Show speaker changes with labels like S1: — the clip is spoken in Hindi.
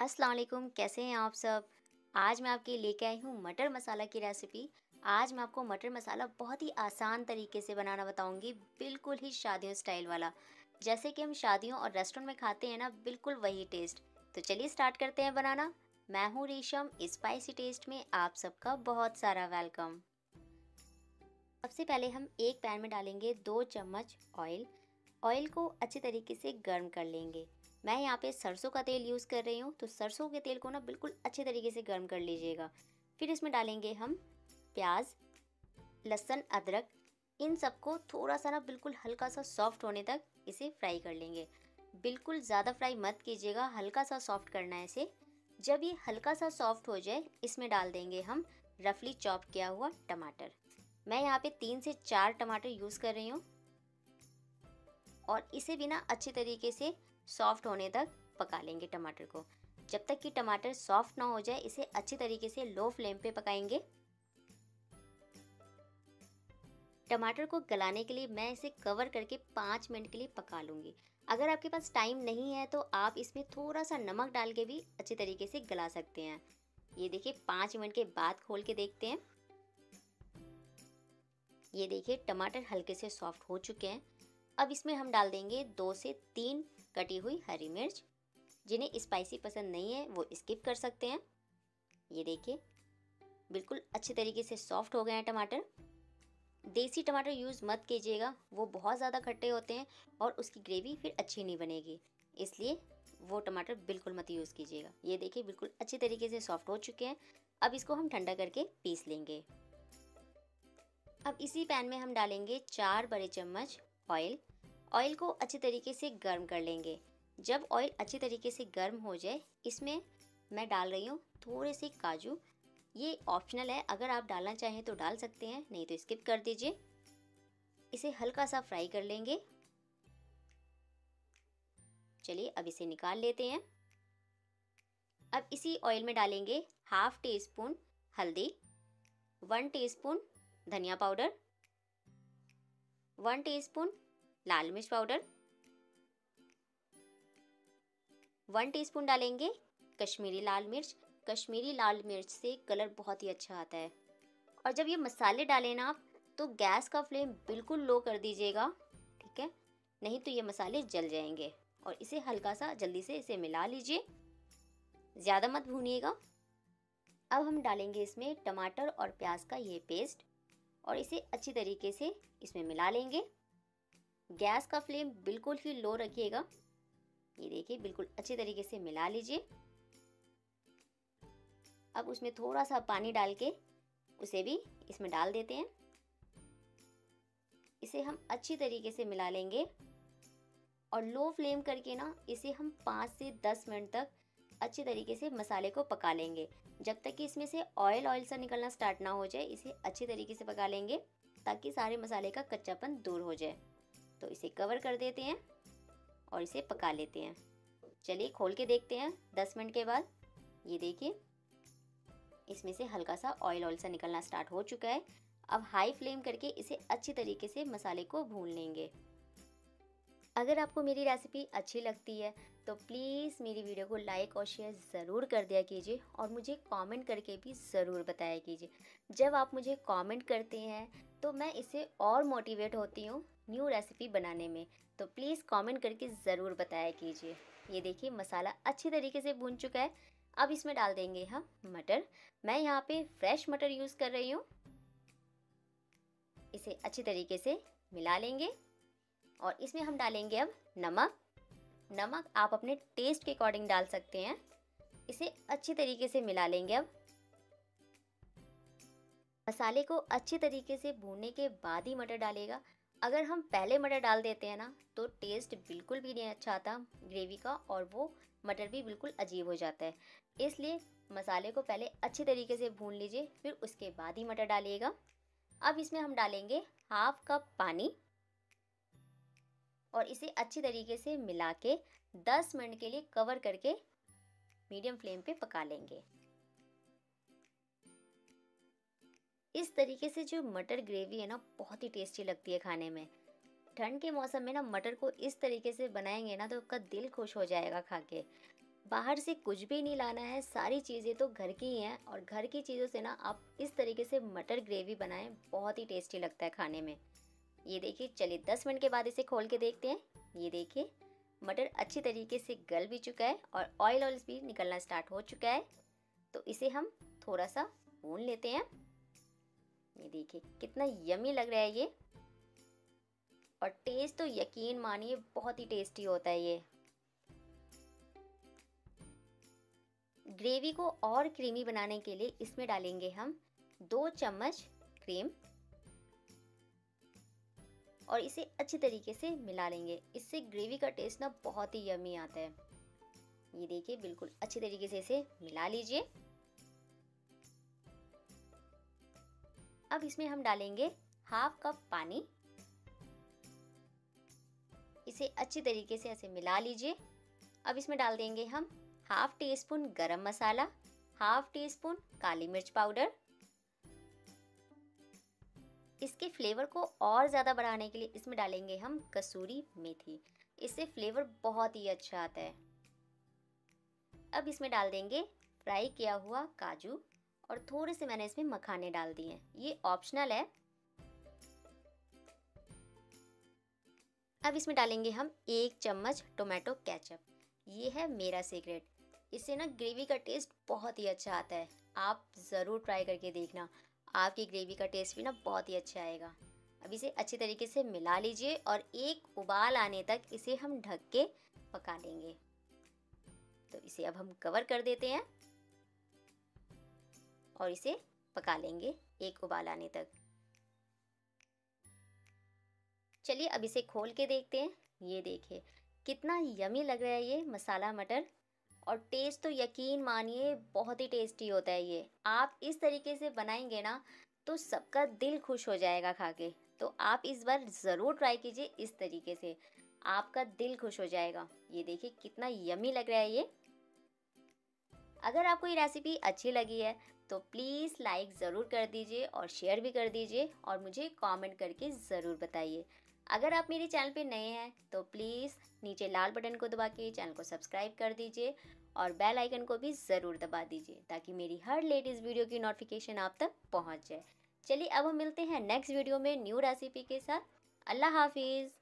S1: अस्सलाम वालेकुम कैसे हैं आप सब आज मैं आपके लेके आई हूँ मटर मसाला की रेसिपी आज मैं आपको मटर मसाला बहुत ही आसान तरीके से बनाना बताऊँगी बिल्कुल ही शादियों स्टाइल वाला जैसे कि हम शादियों और रेस्टोरेंट में खाते हैं ना बिल्कुल वही टेस्ट तो चलिए स्टार्ट करते हैं बनाना मैं हूँ रेशम स्पाइसी टेस्ट में आप सबका बहुत सारा वेलकम सबसे पहले हम एक पैन में डालेंगे दो चम्मच ऑयल ऑयल को अच्छे तरीके से गर्म कर लेंगे मैं यहाँ पे सरसों का तेल यूज़ कर रही हूँ तो सरसों के तेल को ना बिल्कुल अच्छे तरीके से गर्म कर लीजिएगा फिर इसमें डालेंगे हम प्याज लहसुन अदरक इन सबको थोड़ा सा ना बिल्कुल हल्का सा सॉफ्ट होने तक इसे फ्राई कर लेंगे बिल्कुल ज़्यादा फ्राई मत कीजिएगा हल्का सा सॉफ्ट करना है इसे जब ये हल्का सा सॉफ्ट हो जाए इसमें डाल देंगे हम रफली चॉप किया हुआ टमाटर मैं यहाँ पे तीन से चार टमाटर यूज़ कर रही हूँ और इसे भी ना अच्छे तरीके से सॉफ्ट होने तक पका लेंगे टमाटर को जब तक कि टमाटर सॉफ्ट ना हो जाए इसे अच्छे तरीके से लो फ्लेम पे पकाएंगे टमाटर को गलाने के लिए मैं इसे कवर करके पाँच मिनट के लिए पका लूँगी अगर आपके पास टाइम नहीं है तो आप इसमें थोड़ा सा नमक डाल के भी अच्छे तरीके से गला सकते हैं ये देखिए पाँच मिनट के बाद खोल के देखते हैं ये देखिए टमाटर हल्के से सॉफ्ट हो चुके हैं अब इसमें हम डाल देंगे दो से तीन कटी हुई हरी मिर्च जिन्हें स्पाइसी पसंद नहीं है वो स्किप कर सकते हैं ये देखिए बिल्कुल अच्छे तरीके से सॉफ्ट हो गए हैं टमाटर देसी टमाटर यूज़ मत कीजिएगा वो बहुत ज़्यादा खट्टे होते हैं और उसकी ग्रेवी फिर अच्छी नहीं बनेगी इसलिए वो टमाटर बिल्कुल मत यूज़ कीजिएगा ये देखिए बिल्कुल अच्छे तरीके से सॉफ्ट हो चुके हैं अब इसको हम ठंडा करके पीस लेंगे अब इसी पैन में हम डालेंगे चार बड़े चम्मच ऑयल ऑयल को अच्छे तरीके से गर्म कर लेंगे जब ऑयल अच्छे तरीके से गर्म हो जाए इसमें मैं डाल रही हूँ थोड़े से काजू ये ऑप्शनल है अगर आप डालना चाहें तो डाल सकते हैं नहीं तो स्किप कर दीजिए इसे हल्का सा फ्राई कर लेंगे चलिए अब इसे निकाल लेते हैं अब इसी ऑयल में डालेंगे हाफ टी स्पून हल्दी वन टीस्पून धनिया पाउडर वन टीस्पून लाल मिर्च पाउडर वन टीस्पून डालेंगे कश्मीरी लाल मिर्च कश्मीरी लाल मिर्च से कलर बहुत ही अच्छा आता है और जब ये मसाले डालें ना आप तो गैस का फ्लेम बिल्कुल लो कर दीजिएगा ठीक है नहीं तो ये मसाले जल जाएंगे और इसे हल्का सा जल्दी से इसे मिला लीजिए ज़्यादा मत भूनिएगा अब हम डालेंगे इसमें टमाटर और प्याज का ये पेस्ट और इसे अच्छी तरीके से इसमें मिला लेंगे गैस का फ्लेम बिल्कुल ही लो रखिएगा ये देखिए बिल्कुल अच्छे तरीके से मिला लीजिए अब उसमें थोड़ा सा पानी डाल के उसे भी इसमें डाल देते हैं इसे हम अच्छी तरीके से मिला लेंगे और लो फ्लेम करके ना इसे हम पाँच से दस मिनट तक अच्छे तरीके से मसाले को पका लेंगे जब तक कि इसमें से ऑयल ऑयल सा निकलना स्टार्ट ना हो जाए इसे अच्छे तरीके से पका लेंगे ताकि सारे मसाले का कच्चापन दूर हो जाए तो इसे कवर कर देते हैं और इसे पका लेते हैं चलिए खोल के देखते हैं दस मिनट के बाद ये देखिए इसमें से हल्का सा ऑयल ऑयल सा निकलना स्टार्ट हो चुका है अब हाई फ्लेम करके इसे अच्छी तरीके से मसाले को भून लेंगे अगर आपको मेरी रेसिपी अच्छी लगती है तो प्लीज़ मेरी वीडियो को लाइक और शेयर ज़रूर कर दिया कीजिए और मुझे कमेंट करके भी ज़रूर बताया कीजिए जब आप मुझे कमेंट करते हैं तो मैं इसे और मोटिवेट होती हूँ न्यू रेसिपी बनाने में तो प्लीज़ कमेंट करके ज़रूर बताया कीजिए ये देखिए मसाला अच्छी तरीके से भून चुका है अब इसमें डाल देंगे हम मटर मैं यहाँ पे फ्रेश मटर यूज़ कर रही हूँ इसे अच्छी तरीके से मिला लेंगे और इसमें हम डालेंगे अब नमक नमक आप अपने टेस्ट के अकॉर्डिंग डाल सकते हैं इसे अच्छी तरीके से मिला लेंगे अब मसाले को अच्छे तरीके से भूनने के बाद ही मटर डालेगा अगर हम पहले मटर डाल देते हैं ना तो टेस्ट बिल्कुल भी नहीं अच्छा आता ग्रेवी का और वो मटर भी बिल्कुल अजीब हो जाता है इसलिए मसाले को पहले अच्छे तरीके से भून लीजिए फिर उसके बाद ही मटर डालिएगा अब इसमें हम डालेंगे हाफ कप पानी और इसे अच्छी तरीके से मिला के दस मिनट के लिए कवर करके मीडियम फ्लेम पे पका लेंगे इस तरीके से जो मटर ग्रेवी है ना बहुत ही टेस्टी लगती है खाने में ठंड के मौसम में ना मटर को इस तरीके से बनाएंगे ना तो उसका दिल खुश हो जाएगा खा के बाहर से कुछ भी नहीं लाना है सारी चीज़ें तो घर की ही हैं और घर की चीज़ों से ना आप इस तरीके से मटर ग्रेवी बनाएं बहुत ही टेस्टी लगता है खाने में ये देखिए चलिए दस मिनट के बाद इसे खोल के देखते हैं ये देखिए मटर अच्छी तरीके से गल भी चुका है और ऑयल ऑयल भी निकलना स्टार्ट हो चुका है तो इसे हम थोड़ा सा भून लेते हैं ये देखिए कितना यमी लग रहा है ये और टेस्ट तो यकीन मानिए बहुत ही टेस्टी होता है ये ग्रेवी को और क्रीमी बनाने के लिए इसमें डालेंगे हम दो चम्मच क्रीम और इसे अच्छी तरीके से मिला लेंगे इससे ग्रेवी का टेस्ट ना बहुत ही यमी आता है ये देखिए बिल्कुल अच्छी तरीके से इसे मिला लीजिए अब इसमें हम डालेंगे हाफ कप पानी इसे अच्छी तरीके से ऐसे मिला लीजिए अब इसमें डाल देंगे हम हाफ टी स्पून गरम मसाला हाफ टी स्पून काली मिर्च पाउडर इसके फ्लेवर को और ज़्यादा बढ़ाने के लिए इसमें डालेंगे हम कसूरी मेथी इससे फ्लेवर बहुत ही अच्छा आता है अब इसमें डाल देंगे फ्राई किया हुआ काजू और थोड़े से मैंने इसमें मखाने डाल दिए हैं ये ऑप्शनल है अब इसमें डालेंगे हम एक चम्मच टोमेटो केचप ये है मेरा सीक्रेट इससे ना ग्रेवी का टेस्ट बहुत ही अच्छा आता है आप ज़रूर ट्राई करके देखना आपकी ग्रेवी का टेस्ट भी ना बहुत ही अच्छा आएगा अब इसे अच्छे तरीके से मिला लीजिए और एक उबाल आने तक इसे हम ढक के पका लेंगे तो इसे अब हम कवर कर देते हैं और इसे पका लेंगे एक उबाल आने तक चलिए अब इसे खोल के देखते हैं ये देखिए कितना यमी लग रहा है ये मसाला मटर और टेस्ट तो यकीन मानिए बहुत ही टेस्टी होता है ये आप इस तरीके से बनाएंगे ना तो सबका दिल खुश हो जाएगा खा के तो आप इस बार ज़रूर ट्राई कीजिए इस तरीके से आपका दिल खुश हो जाएगा ये देखिए कितना यमी लग रहा है ये अगर आपको ये रेसिपी अच्छी लगी है तो प्लीज़ लाइक ज़रूर कर दीजिए और शेयर भी कर दीजिए और मुझे कमेंट करके ज़रूर बताइए अगर आप मेरे चैनल पे नए हैं तो प्लीज़ नीचे लाल बटन को दबा के चैनल को सब्सक्राइब कर दीजिए और बेल आइकन को भी ज़रूर दबा दीजिए ताकि मेरी हर लेटेस्ट वीडियो की नोटिफिकेशन आप तक पहुँच जाए चलिए अब हम मिलते हैं नेक्स्ट वीडियो में न्यू रेसिपी के साथ अल्लाह हाफिज़